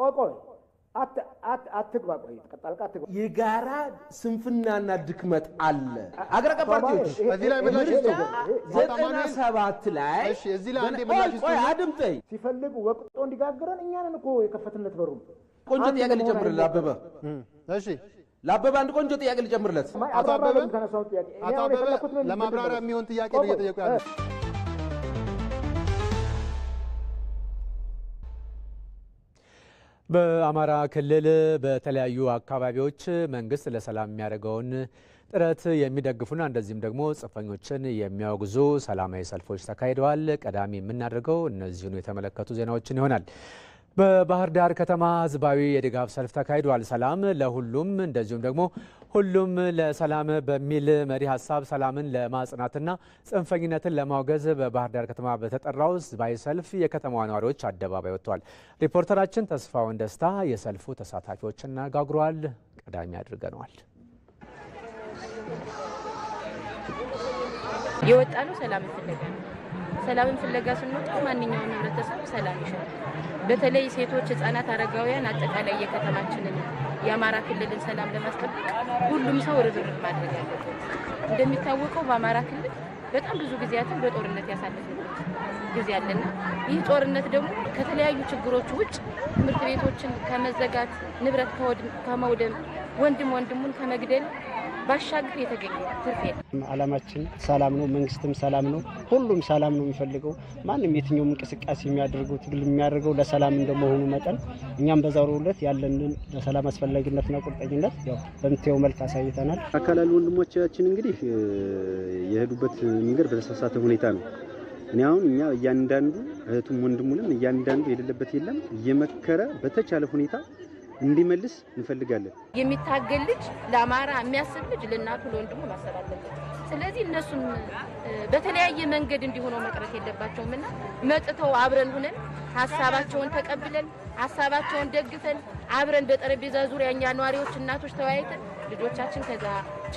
ቆቆይ አትግባ ቆይ ጣልቃ አትግባ። የጋራ ስንፍናና ድክመት አለ። አገር አቀፍ ፓርቲዎች ላይ ምላሽ ይስጡ። ዘጠና ሰባት ላይ እዚህ ላይ አንዴ ምላሽ ይስጡ። አድምጠኝ። ሲፈልግ ወቅጦ እንዲጋግረን እኛንን እኮ የከፈትነት በሩ። ቆንጆ ጥያቄ ልጨምርልህ አበበ። እሺ ለአበበ አንድ ቆንጆ ጥያቄ ልጨምርለት። አቶ አበበ ለማብራሪያ የሚሆን ጥያቄ ነው እየጠየቁ ያለ በአማራ ክልል በተለያዩ አካባቢዎች መንግስት ለሰላም የሚያደርገውን ጥረት የሚደግፉና እንደዚህም ደግሞ ጽንፈኞችን የሚያወግዙ ሰላማዊ ሰልፎች ተካሂደዋል። ቀዳሚ የምናደርገው እነዚህኑ የተመለከቱ ዜናዎችን ይሆናል። በባህር ዳር ከተማ ህዝባዊ የድጋፍ ሰልፍ ተካሂደዋል። ሰላም ለሁሉም እንደዚሁም ደግሞ ሁሉም ለሰላም በሚል መሪ ሀሳብ ሰላምን ለማጽናትና ጽንፈኝነትን ለማውገዝ በባህር ዳር ከተማ በተጠራው ህዝባዊ ሰልፍ የከተማዋ ነዋሪዎች አደባባይ ወጥተዋል። ሪፖርተራችን ተስፋውን ደስታ የሰልፉ ተሳታፊዎችን እናጋግሯል። ቀዳሚ አድርገነዋል። የወጣ ነው ሰላም ፍለጋ ነው ሰላምን ፍለጋ ስንወጣ ማንኛውም ህብረተሰብ ሰላም ይሻል። በተለይ ሴቶች፣ ህጻናት፣ አረጋውያን አጠቃላይ የከተማችንን የአማራ ክልልን ሰላም ለማስጠበቅ ሁሉም ሰው ርብርብ ማድረግ አለበት። እንደሚታወቀው በአማራ ክልል በጣም ብዙ ጊዜያትን በጦርነት ያሳለፍንበት ጊዜ አለና ይህ ጦርነት ደግሞ ከተለያዩ ችግሮች ውጭ ትምህርት ቤቶችን ከመዘጋት ንብረት ከመውደም ወንድም ወንድሙን ከመግደል ባሻገር የተገኘ ትርፌ አላማችን ሰላም ነው። መንግስትም ሰላም ነው። ሁሉም ሰላም ነው የሚፈልገው። ማንም የትኛውም እንቅስቃሴ የሚያደርገው ትግል የሚያደርገው ለሰላም እንደመሆኑ መጠን እኛም በዛሬው ዕለት ያለንን ለሰላም አስፈላጊነትና ቁርጠኝነት ያው በምታየው መልክ አሳይተናል። አካላል ወንድሞቻችን እንግዲህ የሄዱበት መንገድ በተሳሳተ ሁኔታ ነው። እኔ አሁን እኛ እያንዳንዱ እህቱም ወንድሙንም እያንዳንዱ የሌለበት የለም እየመከረ በተቻለ ሁኔታ እንዲመልስ እንፈልጋለን። የሚታገል ልጅ፣ ለአማራ የሚያስብ ልጅ ለእናቱ ለወንድሙ ማሰብ አለበት። ስለዚህ እነሱም በተለያየ መንገድ እንዲሆነው መቅረት የለባቸውም እና መጥተው አብረን ሁነን ሀሳባቸውን ተቀብለን ሀሳባቸውን ደግፈን አብረን በጠረጴዛ ዙሪያ እኛ ነዋሪዎች እናቶች ተወያይተን ልጆቻችን ከዛ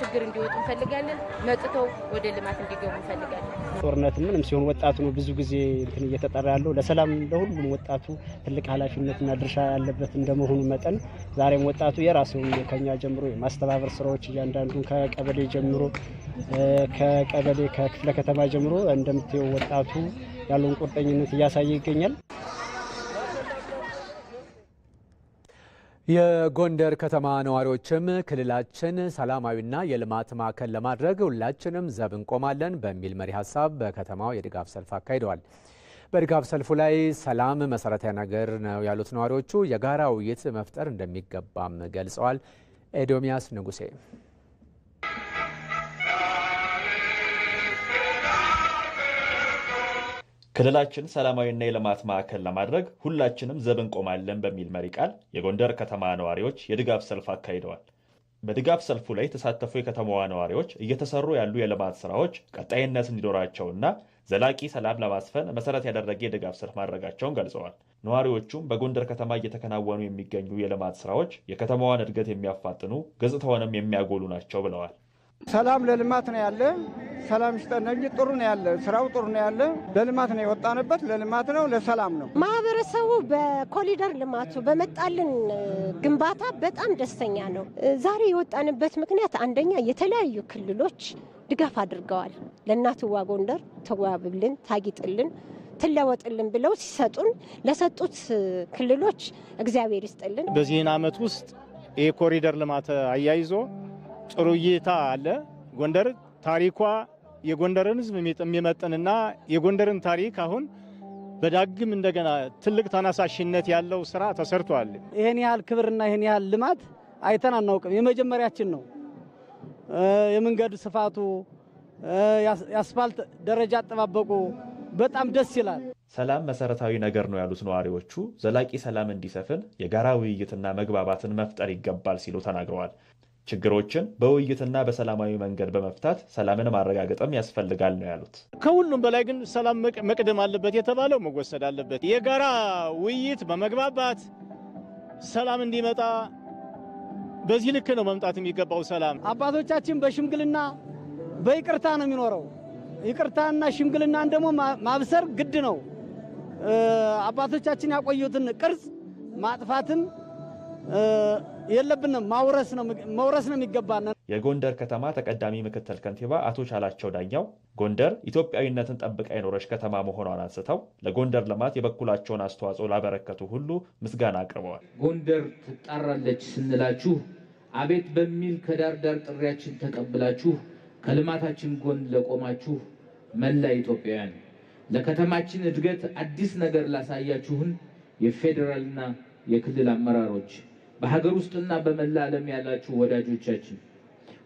ችግር እንዲወጡ እንፈልጋለን። መጥተው ወደ ልማት እንዲገቡ እንፈልጋለን። ጦርነት ምንም ሲሆን ወጣቱ ነው ብዙ ጊዜ እንትን እየተጠራ ያለው ለሰላም ለሁሉም ወጣቱ ትልቅ ኃላፊነትና ድርሻ ያለበት እንደመሆኑ መጠን ዛሬም ወጣቱ የራሱን ከኛ ጀምሮ የማስተባበር ስራዎች እያንዳንዱን ከቀበሌ ጀምሮ ከቀበሌ ከክፍለ ከተማ ጀምሮ እንደምታየው ወጣቱ ያለውን ቁርጠኝነት እያሳየ ይገኛል። የጎንደር ከተማ ነዋሪዎችም ክልላችን ሰላማዊና የልማት ማዕከል ለማድረግ ሁላችንም ዘብ እንቆማለን በሚል መሪ ሀሳብ በከተማው የድጋፍ ሰልፍ አካሂደዋል። በድጋፍ ሰልፉ ላይ ሰላም መሰረታዊ ነገር ነው ያሉት ነዋሪዎቹ የጋራ ውይይት መፍጠር እንደሚገባም ገልጸዋል። ኤዶሚያስ ንጉሴ ክልላችን ሰላማዊና የልማት ማዕከል ለማድረግ ሁላችንም ዘብ እንቆማለን በሚል መሪ ቃል የጎንደር ከተማ ነዋሪዎች የድጋፍ ሰልፍ አካሂደዋል። በድጋፍ ሰልፉ ላይ የተሳተፉ የከተማዋ ነዋሪዎች እየተሰሩ ያሉ የልማት ስራዎች ቀጣይነት እንዲኖራቸውና ዘላቂ ሰላም ለማስፈን መሰረት ያደረገ የድጋፍ ሰልፍ ማድረጋቸውን ገልጸዋል። ነዋሪዎቹም በጎንደር ከተማ እየተከናወኑ የሚገኙ የልማት ስራዎች የከተማዋን እድገት የሚያፋጥኑ ገጽታውንም የሚያጎሉ ናቸው ብለዋል። ሰላም ለልማት ነው ያለ ሰላም ይስጠን እንጂ ጥሩ ነው ያለ ስራው ጥሩ ነው ያለ ለልማት ነው የወጣንበት ለልማት ነው ለሰላም ነው ማህበረሰቡ በኮሊደር ልማቱ በመጣልን ግንባታ በጣም ደስተኛ ነው ዛሬ የወጣንበት ምክንያት አንደኛ የተለያዩ ክልሎች ድጋፍ አድርገዋል ለእናትዋ ጎንደር ተዋብልን ታጊጥልን ትለወጥልን ብለው ሲሰጡን ለሰጡት ክልሎች እግዚአብሔር ይስጥልን በዚህን አመት ውስጥ ይህ ኮሪደር ልማት አያይዞ ጥሩ እይታ አለ። ጎንደር ታሪኳ የጎንደርን ህዝብ የሚመጥንና የጎንደርን ታሪክ አሁን በዳግም እንደገና ትልቅ ተነሳሽነት ያለው ስራ ተሰርቷል። ይህን ያህል ክብርና ይህን ያህል ልማት አይተን አናውቅም። የመጀመሪያችን ነው። የመንገድ ስፋቱ፣ የአስፋልት ደረጃ አጠባበቁ በጣም ደስ ይላል። ሰላም መሰረታዊ ነገር ነው ያሉት ነዋሪዎቹ ዘላቂ ሰላም እንዲሰፍን የጋራ ውይይትና መግባባትን መፍጠር ይገባል ሲሉ ተናግረዋል። ችግሮችን በውይይትና በሰላማዊ መንገድ በመፍታት ሰላምን ማረጋገጥም ያስፈልጋል ነው ያሉት። ከሁሉም በላይ ግን ሰላም መቅደም አለበት የተባለው መወሰድ አለበት። የጋራ ውይይት በመግባባት ሰላም እንዲመጣ በዚህ ልክ ነው መምጣት የሚገባው። ሰላም አባቶቻችን በሽምግልና በይቅርታ ነው የሚኖረው። ይቅርታና ሽምግልናን ደግሞ ማብሰር ግድ ነው። አባቶቻችን ያቆዩትን ቅርጽ ማጥፋትን የለብንም ማውረስ ነው መውረስ ነው የሚገባን። የጎንደር ከተማ ተቀዳሚ ምክትል ከንቲባ አቶ ቻላቸው ዳኛው ጎንደር ኢትዮጵያዊነትን ጠብቃ የኖረች ከተማ መሆኗን አንስተው ለጎንደር ልማት የበኩላቸውን አስተዋጽኦ ላበረከቱ ሁሉ ምስጋና አቅርበዋል። ጎንደር ትጣራለች ስንላችሁ አቤት በሚል ከዳር ዳር ጥሪያችን ተቀብላችሁ ከልማታችን ጎን ለቆማችሁ መላ ኢትዮጵያውያን ለከተማችን እድገት አዲስ ነገር ላሳያችሁን የፌዴራልና የክልል አመራሮች በሀገር ውስጥና በመላ ዓለም ያላችሁ ወዳጆቻችን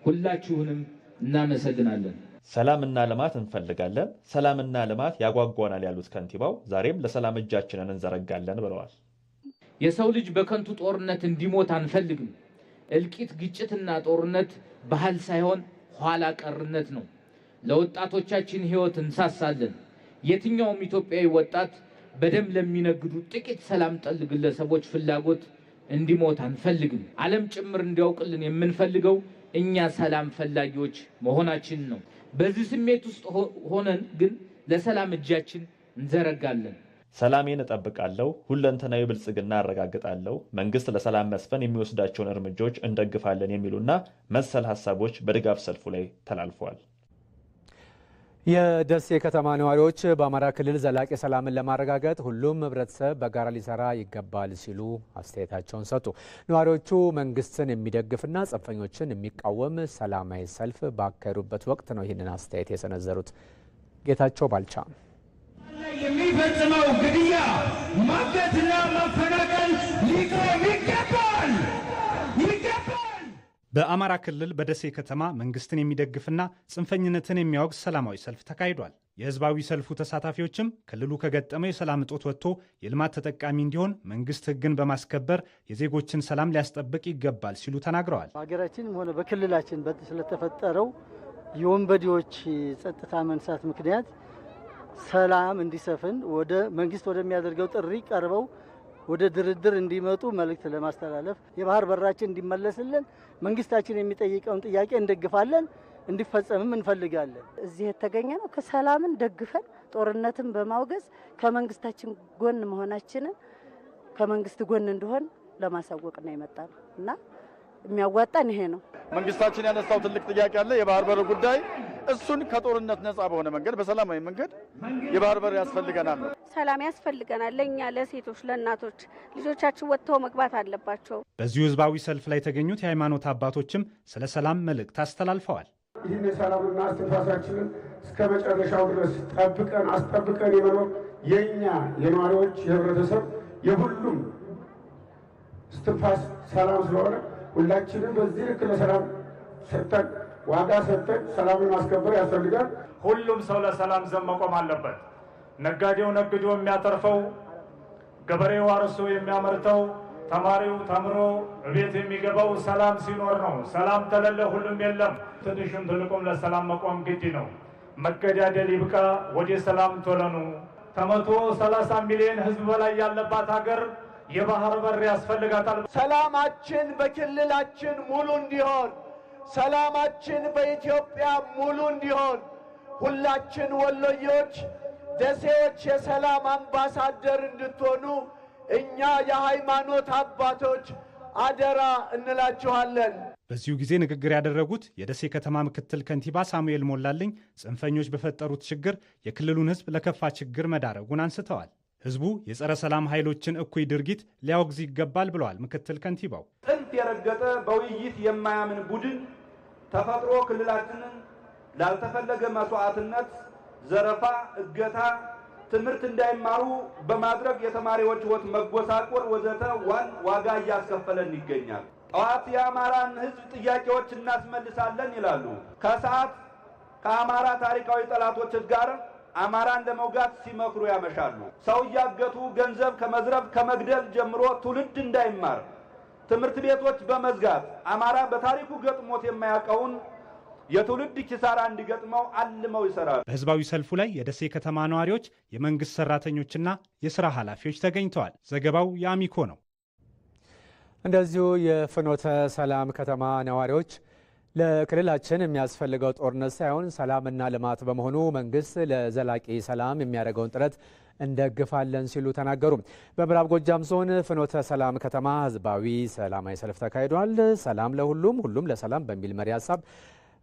ሁላችሁንም እናመሰግናለን። ሰላምና ልማት እንፈልጋለን፣ ሰላምና ልማት ያጓጓናል ያሉት ከንቲባው ዛሬም ለሰላም እጃችንን እንዘረጋለን ብለዋል። የሰው ልጅ በከንቱ ጦርነት እንዲሞት አንፈልግም። እልቂት፣ ግጭትና ጦርነት ባህል ሳይሆን ኋላ ቀርነት ነው። ለወጣቶቻችን ሕይወት እንሳሳለን። የትኛውም ኢትዮጵያዊ ወጣት በደም ለሚነግዱ ጥቂት ሰላም ጠል ግለሰቦች ፍላጎት እንዲሞት አንፈልግም። ዓለም ጭምር እንዲያውቅልን የምንፈልገው እኛ ሰላም ፈላጊዎች መሆናችን ነው። በዚህ ስሜት ውስጥ ሆነን ግን ለሰላም እጃችን እንዘረጋለን። ሰላሜን እጠብቃለሁ፣ ሁለንተናዊ ብልጽግና አረጋግጣለሁ፣ መንግስት ለሰላም መስፈን የሚወስዳቸውን እርምጃዎች እንደግፋለን የሚሉና መሰል ሀሳቦች በድጋፍ ሰልፉ ላይ ተላልፈዋል። የደሴ ከተማ ነዋሪዎች በአማራ ክልል ዘላቂ ሰላምን ለማረጋገጥ ሁሉም ህብረተሰብ በጋራ ሊሰራ ይገባል ሲሉ አስተያየታቸውን ሰጡ። ነዋሪዎቹ መንግስትን የሚደግፍና ጽንፈኞችን የሚቃወም ሰላማዊ ሰልፍ ባካሄዱበት ወቅት ነው ይህንን አስተያየት የሰነዘሩት። ጌታቸው ባልቻ የሚፈጽመው ግድያ፣ ማገትና ሊቆም ይገባል። በአማራ ክልል በደሴ ከተማ መንግስትን የሚደግፍና ጽንፈኝነትን የሚያወግዝ ሰላማዊ ሰልፍ ተካሂዷል። የህዝባዊ ሰልፉ ተሳታፊዎችም ክልሉ ከገጠመው የሰላም እጦት ወጥቶ የልማት ተጠቃሚ እንዲሆን መንግስት ህግን በማስከበር የዜጎችን ሰላም ሊያስጠብቅ ይገባል ሲሉ ተናግረዋል። በሀገራችንም ሆነ በክልላችን ስለተፈጠረው የወንበዴዎች ጸጥታ መንሳት ምክንያት ሰላም እንዲሰፍን ወደ መንግስት ወደሚያደርገው ጥሪ ቀርበው ወደ ድርድር እንዲመጡ መልእክት ለማስተላለፍ የባህር በራችን እንዲመለስልን መንግስታችን የሚጠይቀውን ጥያቄ እንደግፋለን፣ እንዲፈጸምም እንፈልጋለን። እዚህ የተገኘ ነው ከሰላምን ደግፈን ጦርነትን በማውገዝ ከመንግስታችን ጎን መሆናችንን ከመንግስት ጎን እንደሆን ለማሳወቅ ነው የመጣ ነው እና የሚያዋጣን ይሄ ነው። መንግስታችን ያነሳው ትልቅ ጥያቄ አለ የባህር በር ጉዳይ እሱን ከጦርነት ነጻ በሆነ መንገድ በሰላማዊ መንገድ የባህር በር ያስፈልገናል ነው። ሰላም ያስፈልገናል ለእኛ ለሴቶች፣ ለእናቶች ልጆቻችን ወጥተው መግባት አለባቸው። በዚሁ ህዝባዊ ሰልፍ ላይ የተገኙት የሃይማኖት አባቶችም ስለ ሰላም መልእክት አስተላልፈዋል። ይህን የሰላምና አስተንፋሳችንን እስከ መጨረሻው ድረስ ጠብቀን አስጠብቀን የመኖር የእኛ የነዋሪዎች የህብረተሰብ የሁሉም እስትንፋስ ሰላም ስለሆነ ሁላችንም በዚህ ልክ ለሰላም ሰጥተን ዋጋ ሰጥተን ሰላምን ማስከበር ያስፈልጋል። ሁሉም ሰው ለሰላም ዘብ መቆም አለበት። ነጋዴው ነግዶ የሚያተርፈው፣ ገበሬው አርሶ የሚያመርተው፣ ተማሪው ተምሮ እቤት የሚገባው ሰላም ሲኖር ነው። ሰላም ተለለ ሁሉም የለም። ትንሹም ትልቁም ለሰላም መቆም ግድ ነው። መገዳደል ይብቃ፣ ወደ ሰላም ቶለኑ። ከመቶ ሰላሳ ሚሊዮን ህዝብ በላይ ያለባት ሀገር የባህር በር ያስፈልጋታል። ሰላማችን በክልላችን ሙሉ እንዲሆን ሰላማችን በኢትዮጵያ ሙሉ እንዲሆን ሁላችን ወሎዮች፣ ደሴዎች የሰላም አምባሳደር እንድትሆኑ እኛ የሃይማኖት አባቶች አደራ እንላችኋለን። በዚሁ ጊዜ ንግግር ያደረጉት የደሴ ከተማ ምክትል ከንቲባ ሳሙኤል ሞላልኝ ጽንፈኞች በፈጠሩት ችግር የክልሉን ሕዝብ ለከፋ ችግር መዳረጉን አንስተዋል። ሕዝቡ የጸረ ሰላም ኃይሎችን እኩይ ድርጊት ሊያወግዝ ይገባል ብለዋል ምክትል ከንቲባው። የረገጠ በውይይት የማያምን ቡድን ተፈጥሮ ክልላችንን ላልተፈለገ መስዋዕትነት፣ ዘረፋ፣ እገታ፣ ትምህርት እንዳይማሩ በማድረግ የተማሪዎች ህይወት መጎሳቆር ወዘተ ዋን ዋጋ እያስከፈለን ይገኛል። ጠዋት የአማራን ህዝብ ጥያቄዎች እናስመልሳለን ይላሉ። ከሰዓት ከአማራ ታሪካዊ ጠላቶች ጋር አማራን ለመውጋት ሲመክሩ ያመሻሉ። ሰው እያገቱ ገንዘብ ከመዝረፍ ከመግደል ጀምሮ ትውልድ እንዳይማር ትምህርት ቤቶች በመዝጋት አማራ በታሪኩ ገጥሞት የማያውቀውን የትውልድ ኪሳራ እንዲገጥመው አልመው ይሰራሉ። በህዝባዊ ሰልፉ ላይ የደሴ ከተማ ነዋሪዎች፣ የመንግስት ሰራተኞችና የስራ ኃላፊዎች ተገኝተዋል። ዘገባው የአሚኮ ነው። እንደዚሁ የፍኖተ ሰላም ከተማ ነዋሪዎች ለክልላችን የሚያስፈልገው ጦርነት ሳይሆን ሰላምና ልማት በመሆኑ መንግስት ለዘላቂ ሰላም የሚያደርገውን ጥረት እንደግፋለን ሲሉ ተናገሩ። በምዕራብ ጎጃም ዞን ፍኖተ ሰላም ከተማ ህዝባዊ ሰላማዊ ሰልፍ ተካሂዷል። ሰላም ለሁሉም ሁሉም ለሰላም በሚል መሪ ሀሳብ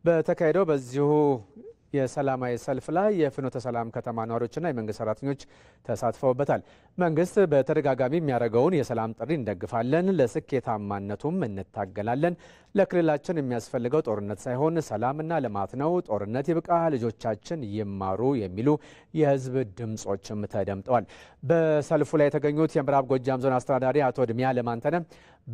በተካሄደው በዚሁ የሰላማዊ ሰልፍ ላይ የፍኖተ ሰላም ከተማ ነዋሪዎችና የመንግስት ሰራተኞች ተሳትፈውበታል። መንግስት በተደጋጋሚ የሚያደርገውን የሰላም ጥሪ እንደግፋለን፣ ለስኬታማነቱም እንታገላለን። ለክልላችን የሚያስፈልገው ጦርነት ሳይሆን ሰላምና ልማት ነው። ጦርነት ይብቃ፣ ልጆቻችን ይማሩ የሚሉ የህዝብ ድምጾችም ተደምጠዋል። በሰልፉ ላይ የተገኙት የምዕራብ ጎጃም ዞን አስተዳዳሪ አቶ እድሜያ ለማንተነ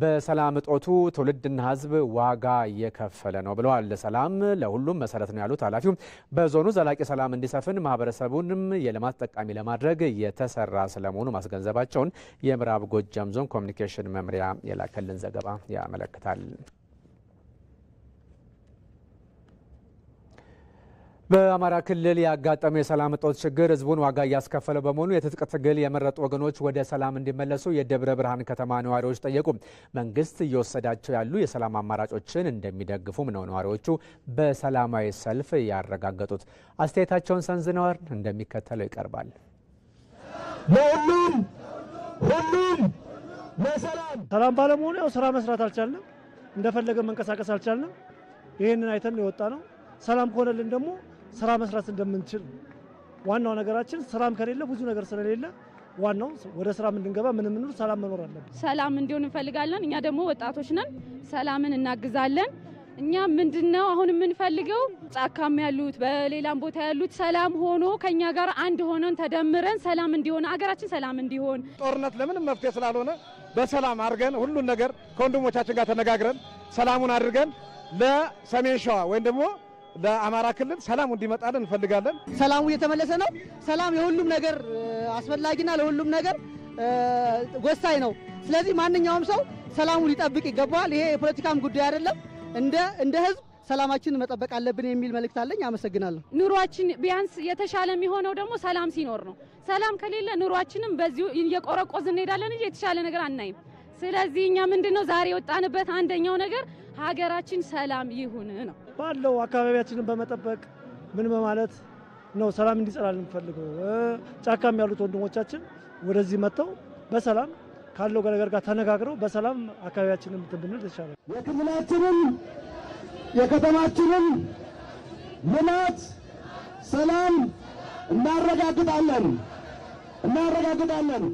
በሰላም እጦቱ ትውልድና ሕዝብ ዋጋ እየከፈለ ነው ብለዋል። ሰላም ለሁሉም መሰረት ነው ያሉት ኃላፊው በዞኑ ዘላቂ ሰላም እንዲሰፍን ማህበረሰቡንም የልማት ጠቃሚ ለማድረግ የተሰራ ስለመሆኑ ማስገንዘባቸውን የምዕራብ ጎጃም ዞን ኮሚኒኬሽን መምሪያ የላከልን ዘገባ ያመለክታል። በአማራ ክልል ያጋጠመው የሰላም እጦት ችግር ህዝቡን ዋጋ እያስከፈለ በመሆኑ የትጥቅ ትግል የመረጡ ወገኖች ወደ ሰላም እንዲመለሱ የደብረ ብርሃን ከተማ ነዋሪዎች ጠየቁ። መንግስት እየወሰዳቸው ያሉ የሰላም አማራጮችን እንደሚደግፉም ነው ነዋሪዎቹ በሰላማዊ ሰልፍ ያረጋገጡት። አስተያየታቸውን ሰንዝነዋል፣ እንደሚከተለው ይቀርባል። ለሁሉም ሁሉም ለሰላም ሰላም ባለመሆኑ ያው ስራ መስራት አልቻልንም፣ እንደፈለገ መንቀሳቀስ አልቻልንም። ይህንን አይተን የወጣ ነው። ሰላም ከሆነልን ደግሞ ስራ መስራት እንደምንችል ዋናው ነገራችን ስራም ከሌለ ብዙ ነገር ስለሌለ ዋናው ወደ ስራ እንድንገባ ምን ምንሉ ሰላም መኖር አለብን። ሰላም እንዲሆን እንፈልጋለን። እኛ ደግሞ ወጣቶች ነን፣ ሰላምን እናግዛለን። እኛ ምንድነው አሁን የምንፈልገው ጫካም ያሉት በሌላም ቦታ ያሉት ሰላም ሆኖ ከኛ ጋር አንድ ሆነን ተደምረን ሰላም እንዲሆን አገራችን ሰላም እንዲሆን ጦርነት ለምንም መፍትሄ ስላልሆነ በሰላም አድርገን ሁሉን ነገር ከወንድሞቻችን ጋር ተነጋግረን ሰላሙን አድርገን ለሰሜን ሸዋ ወይም ደግሞ በአማራ ክልል ሰላም እንዲመጣልን እንፈልጋለን። ሰላሙ እየተመለሰ ነው። ሰላም የሁሉም ነገር አስፈላጊና ለሁሉም ነገር ወሳኝ ነው። ስለዚህ ማንኛውም ሰው ሰላሙ ሊጠብቅ ይገባዋል። ይሄ የፖለቲካም ጉዳይ አይደለም። እንደ እንደ ህዝብ ሰላማችንን መጠበቅ አለብን የሚል መልእክት አለኝ። አመሰግናለሁ። ኑሯችን ቢያንስ የተሻለ የሚሆነው ደግሞ ሰላም ሲኖር ነው። ሰላም ከሌለ ኑሯችንም በዚሁ እየቆረቆዝ እንሄዳለን እንጂ የተሻለ ነገር አናይም። ስለዚህ እኛ ምንድን ነው ዛሬ የወጣንበት አንደኛው ነገር ሀገራችን ሰላም ይሁን ነው ባለው አካባቢያችንን በመጠበቅ ምን በማለት ነው ሰላም እንዲጸናል የምፈልገው። ጫካም ያሉት ወንድሞቻችን ወደዚህ መጥተው በሰላም ካለው ነገር ጋር ተነጋግረው በሰላም አካባቢያችንን ብንል ይሻላል። የክልላችንን የከተማችንን ልማት ሰላም እናረጋግጣለን እናረጋግጣለን።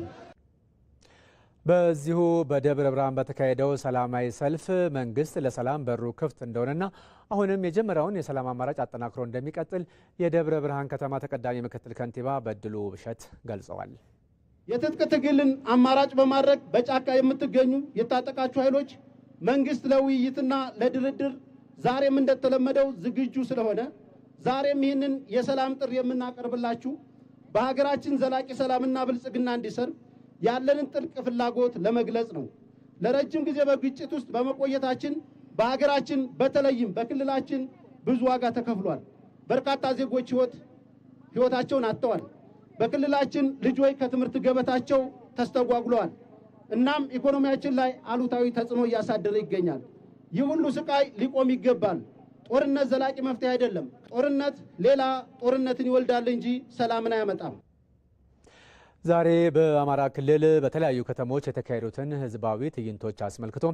በዚሁ በደብረ ብርሃን በተካሄደው ሰላማዊ ሰልፍ መንግስት ለሰላም በሩ ክፍት እንደሆነና አሁንም የጀመሪያውን የሰላም አማራጭ አጠናክሮ እንደሚቀጥል የደብረ ብርሃን ከተማ ተቀዳሚ ምክትል ከንቲባ በድሉ ብሸት ገልጸዋል። የትጥቅ ትግልን አማራጭ በማድረግ በጫካ የምትገኙ የታጠቃችሁ ኃይሎች መንግስት ለውይይትና ለድርድር ዛሬም እንደተለመደው ዝግጁ ስለሆነ ዛሬም ይህንን የሰላም ጥሪ የምናቀርብላችሁ በሀገራችን ዘላቂ ሰላምና ብልጽግና እንዲሰርብ ያለንን ጥልቅ ፍላጎት ለመግለጽ ነው። ለረጅም ጊዜ በግጭት ውስጥ በመቆየታችን በሀገራችን በተለይም በክልላችን ብዙ ዋጋ ተከፍሏል። በርካታ ዜጎች ህይወት ህይወታቸውን አጥተዋል። በክልላችን ልጆች ከትምህርት ገበታቸው ተስተጓጉለዋል። እናም ኢኮኖሚያችን ላይ አሉታዊ ተጽዕኖ እያሳደረ ይገኛል። ይህ ሁሉ ስቃይ ሊቆም ይገባል። ጦርነት ዘላቂ መፍትሄ አይደለም። ጦርነት ሌላ ጦርነትን ይወልዳል እንጂ ሰላምን አያመጣም። ዛሬ በአማራ ክልል በተለያዩ ከተሞች የተካሄዱትን ህዝባዊ ትዕይንቶች አስመልክቶ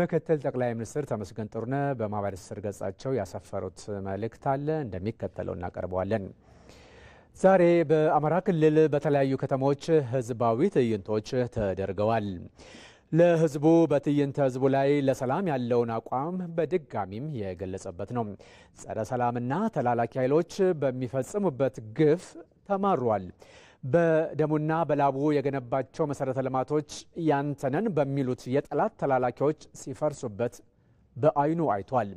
ምክትል ጠቅላይ ሚኒስትር ተመስገን ጥሩነህ በማህበራዊ ትስስር ገጻቸው ያሰፈሩት መልእክት አለ፣ እንደሚከተለው እናቀርበዋለን። ዛሬ በአማራ ክልል በተለያዩ ከተሞች ህዝባዊ ትዕይንቶች ተደርገዋል። ለህዝቡ በትዕይንተ ህዝቡ ላይ ለሰላም ያለውን አቋም በድጋሚም የገለጸበት ነው። ጸረ ሰላምና ተላላኪ ኃይሎች በሚፈጽሙበት ግፍ ተማሯል። በደሙና በላቡ የገነባቸው መሰረተ ልማቶች ያንተነን በሚሉት የጠላት ተላላኪዎች ሲፈርሱበት በአይኑ አይቷል።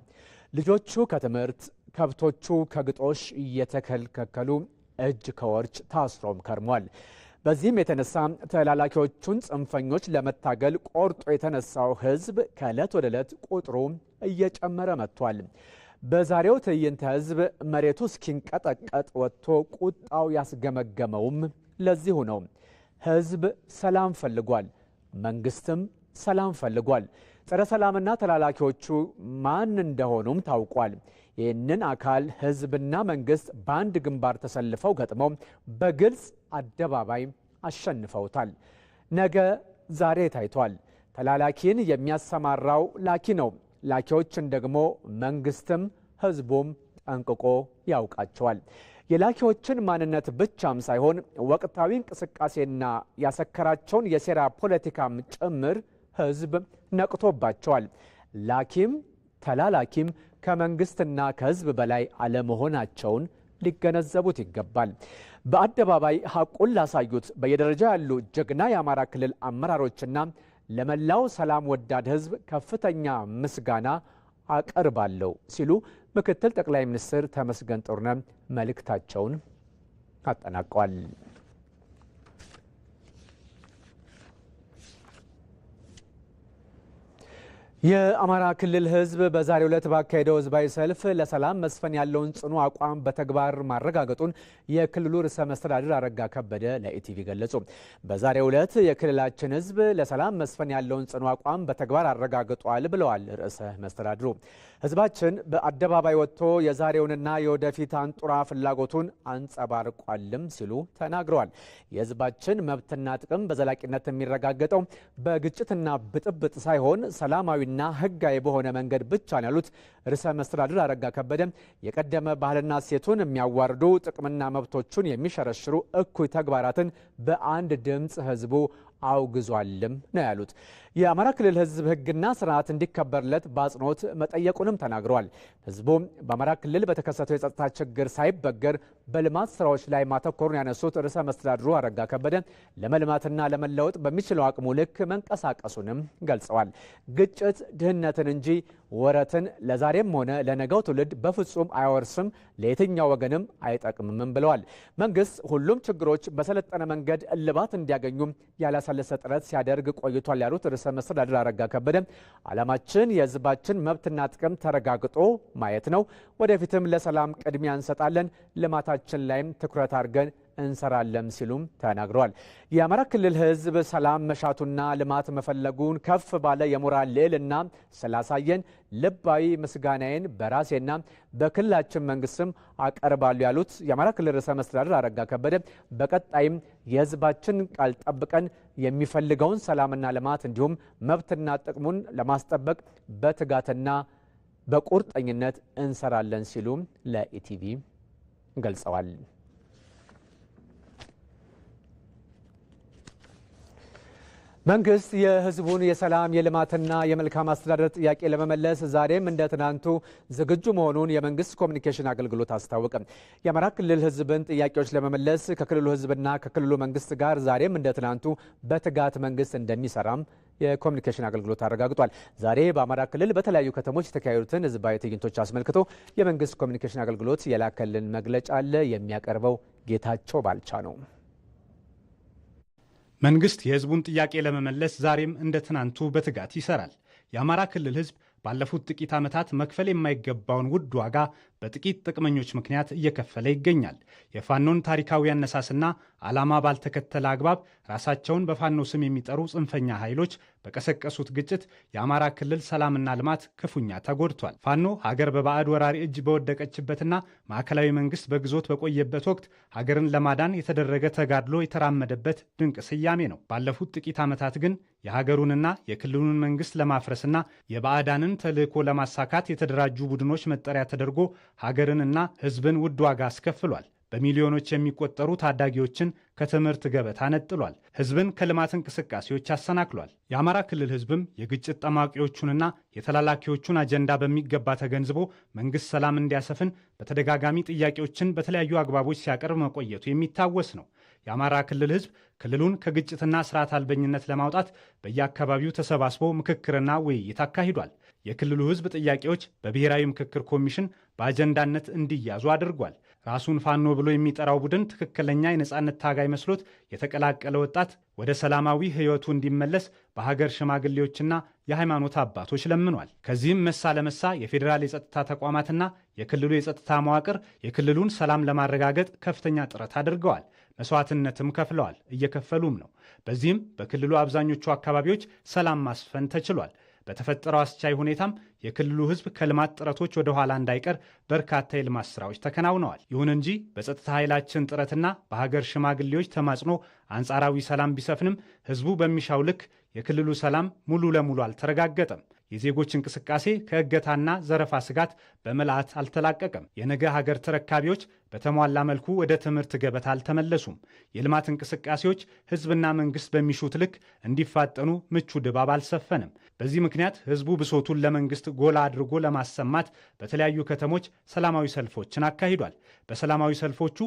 ልጆቹ ከትምህርት ከብቶቹ ከግጦሽ እየተከልከከሉ እጅ ከወርች ታስሮም ከርሟል። በዚህም የተነሳ ተላላኪዎቹን ጽንፈኞች ለመታገል ቆርጦ የተነሳው ሕዝብ ከዕለት ወደ ዕለት ቁጥሩ እየጨመረ መጥቷል። በዛሬው ትዕይንተ ህዝብ መሬቱ እስኪንቀጠቀጥ ወጥቶ ቁጣው ያስገመገመውም ለዚሁ ነው። ህዝብ ሰላም ፈልጓል፣ መንግስትም ሰላም ፈልጓል። ጸረ ሰላምና ተላላኪዎቹ ማን እንደሆኑም ታውቋል። ይህንን አካል ህዝብና መንግስት በአንድ ግንባር ተሰልፈው ገጥመው በግልጽ አደባባይ አሸንፈውታል። ነገ ዛሬ ታይቷል። ተላላኪን የሚያሰማራው ላኪ ነው። ላኪዎችን ደግሞ መንግስትም ህዝቡም ጠንቅቆ ያውቃቸዋል። የላኪዎችን ማንነት ብቻም ሳይሆን ወቅታዊ እንቅስቃሴና ያሰከራቸውን የሴራ ፖለቲካም ጭምር ህዝብ ነቅቶባቸዋል። ላኪም ተላላኪም ከመንግስትና ከህዝብ በላይ አለመሆናቸውን ሊገነዘቡት ይገባል። በአደባባይ ሀቁን ላሳዩት በየደረጃ ያሉ ጀግና የአማራ ክልል አመራሮችና ለመላው ሰላም ወዳድ ህዝብ ከፍተኛ ምስጋና አቀርባለሁ ሲሉ ምክትል ጠቅላይ ሚኒስትር ተመስገን ጥሩነህ መልእክታቸውን አጠናቀዋል። የአማራ ክልል ህዝብ በዛሬው ዕለት ባካሄደው ህዝባዊ ሰልፍ ለሰላም መስፈን ያለውን ጽኑ አቋም በተግባር ማረጋገጡን የክልሉ ርዕሰ መስተዳድር አረጋ ከበደ ለኢቲቪ ገለጹ። በዛሬው ዕለት የክልላችን ህዝብ ለሰላም መስፈን ያለውን ጽኑ አቋም በተግባር አረጋግጧል ብለዋል ርዕሰ መስተዳድሩ። ህዝባችን በአደባባይ ወጥቶ የዛሬውንና የወደፊት አንጡራ ፍላጎቱን አንጸባርቋልም ሲሉ ተናግረዋል። የህዝባችን መብትና ጥቅም በዘላቂነት የሚረጋገጠው በግጭትና ብጥብጥ ሳይሆን ሰላማዊ እና ህጋዊ በሆነ መንገድ ብቻ ነው ያሉት ርዕሰ መስተዳድር አረጋ ከበደ የቀደመ ባህልና ሴቱን የሚያዋርዱ ጥቅምና መብቶቹን የሚሸረሽሩ እኩይ ተግባራትን በአንድ ድምፅ ህዝቡ አውግዟልም ነው ያሉት። የአማራ ክልል ህዝብ ህግና ስርዓት እንዲከበርለት በአጽንኦት መጠየቁንም ተናግረዋል። ህዝቡ በአማራ ክልል በተከሰተው የጸጥታ ችግር ሳይበገር በልማት ስራዎች ላይ ማተኮሩን ያነሱት ርዕሰ መስተዳድሩ አረጋ ከበደ ለመልማትና ለመለወጥ በሚችለው አቅሙ ልክ መንቀሳቀሱንም ገልጸዋል። ግጭት ድህነትን እንጂ ወረትን ለዛሬም ሆነ ለነገው ትውልድ በፍጹም አይወርስም፣ ለየትኛው ወገንም አይጠቅምም ብለዋል። መንግስት ሁሉም ችግሮች በሰለጠነ መንገድ እልባት እንዲያገኙ ያላሰለሰ ጥረት ሲያደርግ ቆይቷል ያሉት ርዕሰ መስተዳድር አረጋ ከበደ ዓላማችን የህዝባችን መብትና ጥቅም ተረጋግጦ ማየት ነው። ወደፊትም ለሰላም ቅድሚያ እንሰጣለን። ልማታችን ላይም ትኩረት አድርገን እንሰራለን ሲሉም ተናግረዋል። የአማራ ክልል ህዝብ ሰላም መሻቱና ልማት መፈለጉን ከፍ ባለ የሞራል ልዕልና ስላሳየን ልባዊ ምስጋናዬን በራሴና በክልላችን መንግስትም አቀርባሉ ያሉት የአማራ ክልል ርዕሰ መስተዳድር አረጋ ከበደ በቀጣይም የህዝባችን ቃል ጠብቀን የሚፈልገውን ሰላምና ልማት እንዲሁም መብትና ጥቅሙን ለማስጠበቅ በትጋትና በቁርጠኝነት እንሰራለን ሲሉም ለኢቲቪ ገልጸዋል። መንግስት የህዝቡን የሰላም የልማትና የመልካም አስተዳደር ጥያቄ ለመመለስ ዛሬም እንደ ትናንቱ ዝግጁ መሆኑን የመንግስት ኮሚኒኬሽን አገልግሎት አስታወቀ። የአማራ ክልል ህዝብን ጥያቄዎች ለመመለስ ከክልሉ ህዝብና ከክልሉ መንግስት ጋር ዛሬም እንደ ትናንቱ በትጋት መንግስት እንደሚሰራም የኮሚኒኬሽን አገልግሎት አረጋግጧል። ዛሬ በአማራ ክልል በተለያዩ ከተሞች የተካሄዱትን ህዝባዊ ትዕይንቶች አስመልክቶ የመንግስት ኮሚኒኬሽን አገልግሎት የላከልን መግለጫ አለ። የሚያቀርበው ጌታቸው ባልቻ ነው። መንግስት የህዝቡን ጥያቄ ለመመለስ ዛሬም እንደ ትናንቱ በትጋት ይሰራል። የአማራ ክልል ህዝብ ባለፉት ጥቂት ዓመታት መክፈል የማይገባውን ውድ ዋጋ በጥቂት ጥቅመኞች ምክንያት እየከፈለ ይገኛል። የፋኖን ታሪካዊ አነሳስና ዓላማ ባልተከተለ አግባብ ራሳቸውን በፋኖ ስም የሚጠሩ ጽንፈኛ ኃይሎች በቀሰቀሱት ግጭት የአማራ ክልል ሰላምና ልማት ክፉኛ ተጎድቷል። ፋኖ ሀገር በባዕድ ወራሪ እጅ በወደቀችበትና ማዕከላዊ መንግስት በግዞት በቆየበት ወቅት ሀገርን ለማዳን የተደረገ ተጋድሎ የተራመደበት ድንቅ ስያሜ ነው። ባለፉት ጥቂት ዓመታት ግን የሀገሩንና የክልሉን መንግስት ለማፍረስና የባዕዳንን ተልዕኮ ለማሳካት የተደራጁ ቡድኖች መጠሪያ ተደርጎ ሀገርንና ሕዝብን ውድ ዋጋ አስከፍሏል። በሚሊዮኖች የሚቆጠሩ ታዳጊዎችን ከትምህርት ገበታ ነጥሏል። ሕዝብን ከልማት እንቅስቃሴዎች አሰናክሏል። የአማራ ክልል ሕዝብም የግጭት ጠማቂዎቹንና የተላላኪዎቹን አጀንዳ በሚገባ ተገንዝቦ መንግሥት ሰላም እንዲያሰፍን በተደጋጋሚ ጥያቄዎችን በተለያዩ አግባቦች ሲያቀርብ መቆየቱ የሚታወስ ነው። የአማራ ክልል ህዝብ ክልሉን ከግጭትና ስርዓት አልበኝነት ለማውጣት በየአካባቢው ተሰባስቦ ምክክርና ውይይት አካሂዷል። የክልሉ ህዝብ ጥያቄዎች በብሔራዊ ምክክር ኮሚሽን በአጀንዳነት እንዲያዙ አድርጓል። ራሱን ፋኖ ብሎ የሚጠራው ቡድን ትክክለኛ የነፃነት ታጋይ መስሎት የተቀላቀለ ወጣት ወደ ሰላማዊ ህይወቱ እንዲመለስ በሀገር ሽማግሌዎችና የሃይማኖት አባቶች ለምኗል። ከዚህም መሳ ለመሳ የፌዴራል የጸጥታ ተቋማትና የክልሉ የጸጥታ መዋቅር የክልሉን ሰላም ለማረጋገጥ ከፍተኛ ጥረት አድርገዋል። መስዋዕትነትም ከፍለዋል፣ እየከፈሉም ነው። በዚህም በክልሉ አብዛኞቹ አካባቢዎች ሰላም ማስፈን ተችሏል። በተፈጠረው አስቻይ ሁኔታም የክልሉ ህዝብ ከልማት ጥረቶች ወደ ኋላ እንዳይቀር በርካታ የልማት ስራዎች ተከናውነዋል። ይሁን እንጂ በጸጥታ ኃይላችን ጥረትና በሀገር ሽማግሌዎች ተማጽኖ አንጻራዊ ሰላም ቢሰፍንም ህዝቡ በሚሻው ልክ የክልሉ ሰላም ሙሉ ለሙሉ አልተረጋገጠም። የዜጎች እንቅስቃሴ ከእገታና ዘረፋ ስጋት በምልዓት አልተላቀቀም። የነገ ሀገር ተረካቢዎች በተሟላ መልኩ ወደ ትምህርት ገበታ አልተመለሱም። የልማት እንቅስቃሴዎች ሕዝብና መንግስት በሚሹት ልክ እንዲፋጠኑ ምቹ ድባብ አልሰፈንም። በዚህ ምክንያት ሕዝቡ ብሶቱን ለመንግስት ጎላ አድርጎ ለማሰማት በተለያዩ ከተሞች ሰላማዊ ሰልፎችን አካሂዷል። በሰላማዊ ሰልፎቹ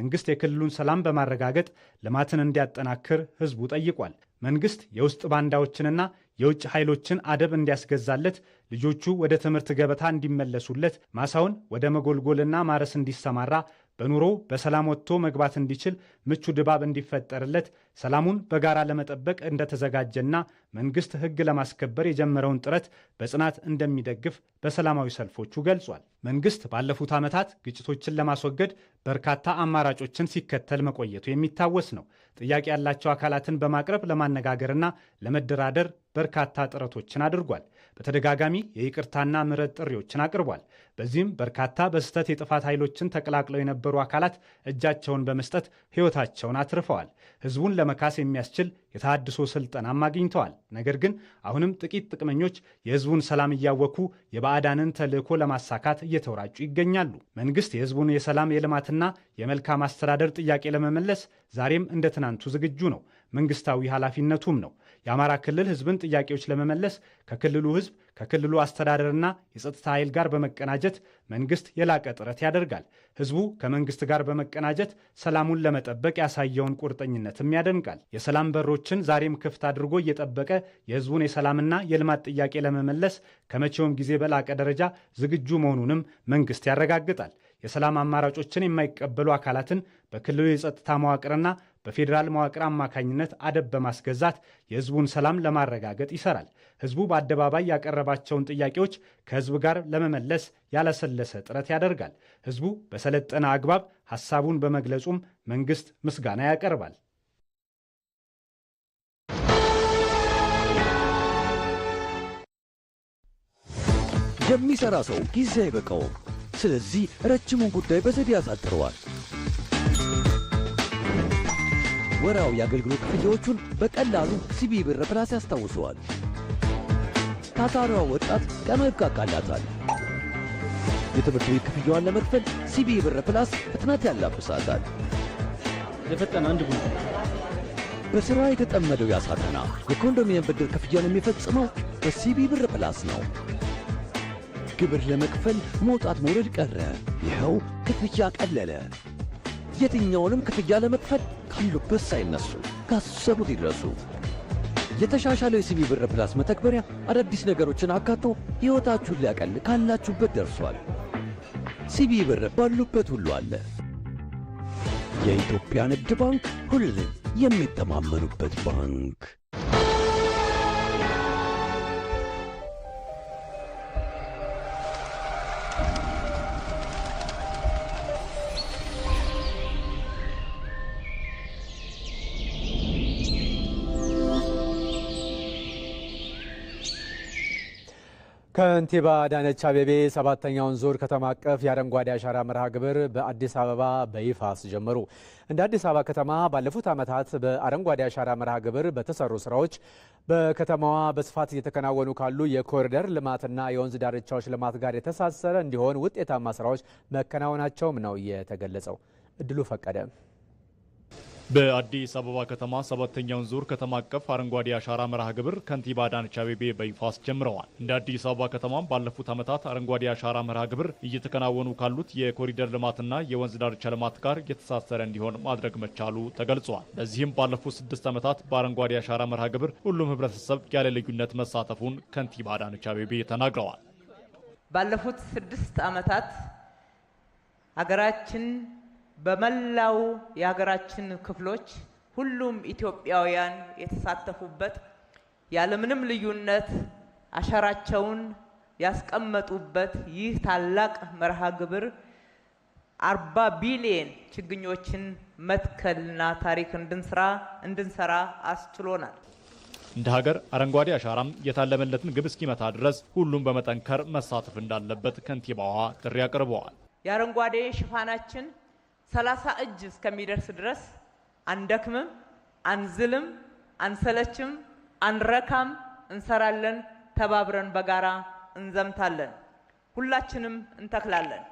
መንግስት የክልሉን ሰላም በማረጋገጥ ልማትን እንዲያጠናክር ሕዝቡ ጠይቋል። መንግስት የውስጥ ባንዳዎችንና የውጭ ኃይሎችን አደብ እንዲያስገዛለት፣ ልጆቹ ወደ ትምህርት ገበታ እንዲመለሱለት፣ ማሳውን ወደ መጎልጎልና ማረስ እንዲሰማራ በኑሮ በሰላም ወጥቶ መግባት እንዲችል ምቹ ድባብ እንዲፈጠርለት ሰላሙን በጋራ ለመጠበቅ እንደተዘጋጀና መንግስት ሕግ ለማስከበር የጀመረውን ጥረት በጽናት እንደሚደግፍ በሰላማዊ ሰልፎቹ ገልጿል። መንግስት ባለፉት ዓመታት ግጭቶችን ለማስወገድ በርካታ አማራጮችን ሲከተል መቆየቱ የሚታወስ ነው። ጥያቄ ያላቸው አካላትን በማቅረብ ለማነጋገርና ለመደራደር በርካታ ጥረቶችን አድርጓል። በተደጋጋሚ የይቅርታና ምሕረት ጥሪዎችን አቅርቧል። በዚህም በርካታ በስህተት የጥፋት ኃይሎችን ተቀላቅለው የነበሩ አካላት እጃቸውን በመስጠት ሕይወታቸውን አትርፈዋል። ሕዝቡን ለመካስ የሚያስችል የተሃድሶ ስልጠናም አግኝተዋል። ነገር ግን አሁንም ጥቂት ጥቅመኞች የሕዝቡን ሰላም እያወኩ የባዕዳንን ተልዕኮ ለማሳካት እየተወራጩ ይገኛሉ። መንግሥት የሕዝቡን የሰላም የልማትና የመልካም አስተዳደር ጥያቄ ለመመለስ ዛሬም እንደ ትናንቱ ዝግጁ ነው። መንግስታዊ ኃላፊነቱም ነው። የአማራ ክልል ህዝብን ጥያቄዎች ለመመለስ ከክልሉ ህዝብ ከክልሉ አስተዳደርና የጸጥታ ኃይል ጋር በመቀናጀት መንግስት የላቀ ጥረት ያደርጋል። ህዝቡ ከመንግስት ጋር በመቀናጀት ሰላሙን ለመጠበቅ ያሳየውን ቁርጠኝነትም ያደንቃል። የሰላም በሮችን ዛሬም ክፍት አድርጎ እየጠበቀ የህዝቡን የሰላምና የልማት ጥያቄ ለመመለስ ከመቼውም ጊዜ በላቀ ደረጃ ዝግጁ መሆኑንም መንግስት ያረጋግጣል። የሰላም አማራጮችን የማይቀበሉ አካላትን በክልሉ የጸጥታ መዋቅርና በፌዴራል መዋቅር አማካኝነት አደብ በማስገዛት የሕዝቡን ሰላም ለማረጋገጥ ይሰራል። ሕዝቡ በአደባባይ ያቀረባቸውን ጥያቄዎች ከሕዝብ ጋር ለመመለስ ያለሰለሰ ጥረት ያደርጋል። ሕዝቡ በሰለጠነ አግባብ ሐሳቡን በመግለጹም መንግሥት ምስጋና ያቀርባል። የሚሠራ ሰው ጊዜ አይበቃውም። ስለዚህ ረጅሙን ጉዳይ በዘዴ ያሳጥረዋል። ወራው የአገልግሎት ክፍያዎቹን በቀላሉ ሲቢ ብር ፕላስ ያስታውሰዋል። ታታሪዋ ወጣት ቀመር ይብቃቃላታል። የትምህርት ቤት ክፍያዋን ለመክፈል ሲቢ ብር ፕላስ ፍጥነት ያላብሳታል። የፈጠነ አንድ በሥራ የተጠመደው ያሳተና የኮንዶሚኒየም ብድር ክፍያን የሚፈጽመው በሲቢ ብር ፕላስ ነው። ግብር ለመክፈል መውጣት መውረድ ቀረ። ይኸው ክፍያ ቀለለ። የትኛውንም ክፍያ ለመክፈል ካሉበት ሳይነሱ ካሰቡት ይድረሱ። የተሻሻለው የሲቢ ብር ፕላስ መተግበሪያ አዳዲስ ነገሮችን አካቶ ሕይወታችሁን ሊያቀል ካላችሁበት ደርሷል። ሲቢ ብር ባሉበት ሁሉ አለ። የኢትዮጵያ ንግድ ባንክ ሁሌም የሚተማመኑበት ባንክ ከንቲባ አዳነች አቤቤ ሰባተኛውን ዙር ከተማ አቀፍ የአረንጓዴ አሻራ መርሃ ግብር በአዲስ አበባ በይፋ አስጀመሩ። እንደ አዲስ አበባ ከተማ ባለፉት ዓመታት በአረንጓዴ አሻራ መርሃ ግብር በተሰሩ ስራዎች በከተማዋ በስፋት እየተከናወኑ ካሉ የኮሪደር ልማትና የወንዝ ዳርቻዎች ልማት ጋር የተሳሰረ እንዲሆን ውጤታማ ስራዎች መከናወናቸውም ነው የተገለጸው። እድሉ ፈቀደ በአዲስ አበባ ከተማ ሰባተኛውን ዙር ከተማ አቀፍ አረንጓዴ አሻራ መርሃ ግብር ከንቲባ አዳነች አቤቤ በይፋ አስጀምረዋል። እንደ አዲስ አበባ ከተማም ባለፉት ዓመታት አረንጓዴ አሻራ መርሃ ግብር እየተከናወኑ ካሉት የኮሪደር ልማትና የወንዝ ዳርቻ ልማት ጋር የተሳሰረ እንዲሆን ማድረግ መቻሉ ተገልጿል። በዚህም ባለፉት ስድስት ዓመታት በአረንጓዴ አሻራ መርሃ ግብር ሁሉም ህብረተሰብ ያለ ልዩነት መሳተፉን ከንቲባ አዳነች አቤቤ ተናግረዋል። ባለፉት ስድስት ዓመታት ሀገራችን በመላው የሀገራችን ክፍሎች ሁሉም ኢትዮጵያውያን የተሳተፉበት ያለምንም ልዩነት አሻራቸውን ያስቀመጡበት ይህ ታላቅ መርሃ ግብር አርባ ቢሊየን ችግኞችን መትከልና ታሪክ እንድንስራ እንድንሰራ አስችሎናል። እንደ ሀገር አረንጓዴ አሻራም የታለመለትን ግብ እስኪመታ ድረስ ሁሉም በመጠንከር መሳተፍ እንዳለበት ከንቲባዋ ጥሪ አቅርበዋል። የአረንጓዴ ሽፋናችን ሰላሳ እጅ እስከሚደርስ ድረስ አንደክምም፣ አንዝልም፣ አንሰለችም፣ አንረካም፣ እንሰራለን፣ ተባብረን በጋራ እንዘምታለን፣ ሁላችንም እንተክላለን።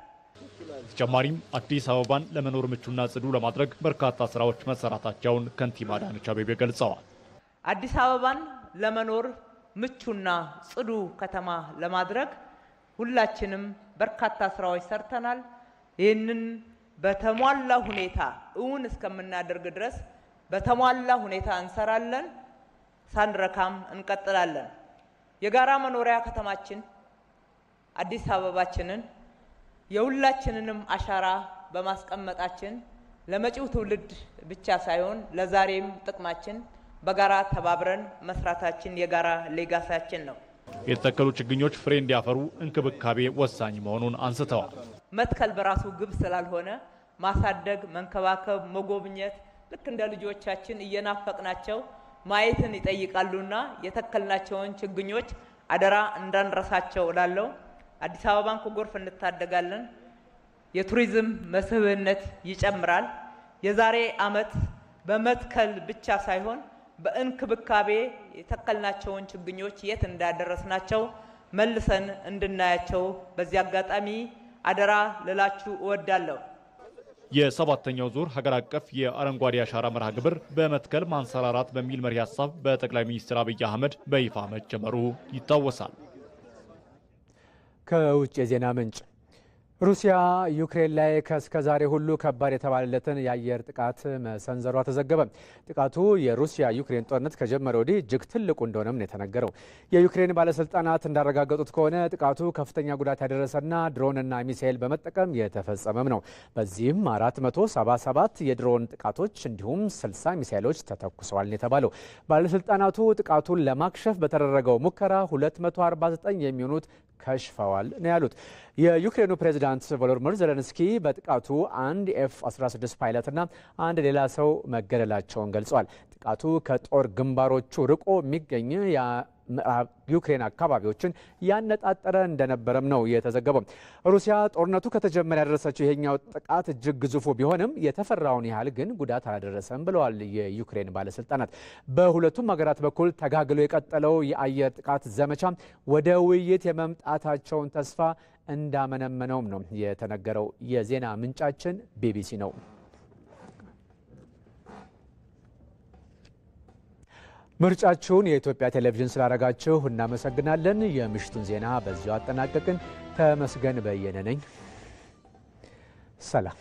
በተጨማሪም አዲስ አበባን ለመኖር ምቹና ጽዱ ለማድረግ በርካታ ስራዎች መሰራታቸውን ከንቲባ አዳነች አቤቤ ገልጸዋል። አዲስ አበባን ለመኖር ምቹና ጽዱ ከተማ ለማድረግ ሁላችንም በርካታ ስራዎች ሰርተናል። ይህንን በተሟላ ሁኔታ እውን እስከምናደርግ ድረስ በተሟላ ሁኔታ እንሰራለን፣ ሳንረካም እንቀጥላለን። የጋራ መኖሪያ ከተማችን አዲስ አበባችንን የሁላችንንም አሻራ በማስቀመጣችን ለመጪው ትውልድ ብቻ ሳይሆን ለዛሬም ጥቅማችን በጋራ ተባብረን መስራታችን የጋራ ሌጋሳችን ነው። የተተከሉ ችግኞች ፍሬ እንዲያፈሩ እንክብካቤ ወሳኝ መሆኑን አንስተዋል። መትከል በራሱ ግብ ስላልሆነ ማሳደግ፣ መንከባከብ፣ መጎብኘት ልክ እንደ ልጆቻችን እየናፈቅናቸው ማየትን ይጠይቃሉና የተከልናቸውን ችግኞች አደራ እንዳንረሳቸው እላለሁ። አዲስ አበባን ከጎርፍ እንታደጋለን። የቱሪዝም መስህብነት ይጨምራል። የዛሬ ዓመት በመትከል ብቻ ሳይሆን በእንክብካቤ የተከልናቸውን ችግኞች የት እንዳደረስናቸው መልሰን እንድናያቸው በዚህ አጋጣሚ አደራ ልላችሁ እወዳለሁ። የሰባተኛው ዙር ሀገር አቀፍ የአረንጓዴ አሻራ መርሃ ግብር በመትከል ማንሰራራት በሚል መሪ ሀሳብ በጠቅላይ ሚኒስትር አብይ አህመድ በይፋ መጀመሩ ይታወሳል። ከውጭ የዜና ምንጭ ሩሲያ ዩክሬን ላይ ዛሬ ሁሉ ከባድ የተባለለትን የአየር ጥቃት መሰንዘሯ ተዘገበ። ጥቃቱ የሩሲያ ዩክሬን ጦርነት ከጀመረ ወዲህ እጅግ ትልቁ እንደሆነም ነው የተነገረው። የዩክሬን ባለስልጣናት እንዳረጋገጡት ከሆነ ጥቃቱ ከፍተኛ ጉዳት ያደረሰና ድሮንና ሚሳኤል በመጠቀም የተፈጸመም ነው። በዚህም 477 የድሮን ጥቃቶች እንዲሁም 60 ሚሳኤሎች ተተኩሰዋል ነው የተባለው። ባለስልጣናቱ ጥቃቱን ለማክሸፍ በተደረገው ሙከራ 249 የሚሆኑት ከሽፈዋል ነው ያሉት። የዩክሬኑ ፕሬዚዳንት ቮሎዲሚር ዘለንስኪ በጥቃቱ አንድ ኤፍ 16 ፓይለትና አንድ ሌላ ሰው መገደላቸውን ገልጿል። ጥቃቱ ከጦር ግንባሮቹ ርቆ የሚገኝ ምዕራብ ዩክሬን አካባቢዎችን ያነጣጠረ እንደነበረም ነው የተዘገበው። ሩሲያ ጦርነቱ ከተጀመረ ያደረሰችው ይሄኛው ጥቃት እጅግ ግዙፉ ቢሆንም የተፈራውን ያህል ግን ጉዳት አላደረሰም ብለዋል የዩክሬን ባለስልጣናት። በሁለቱም ሀገራት በኩል ተጋግሎ የቀጠለው የአየር ጥቃት ዘመቻ ወደ ውይይት የመምጣታቸውን ተስፋ እንዳመነመነውም ነው የተነገረው። የዜና ምንጫችን ቢቢሲ ነው። ምርጫችሁን የኢትዮጵያ ቴሌቪዥን ስላደረጋችሁ እናመሰግናለን። የምሽቱን ዜና በዚሁ አጠናቀቅን። ተመስገን በየነ ነኝ። ሰላም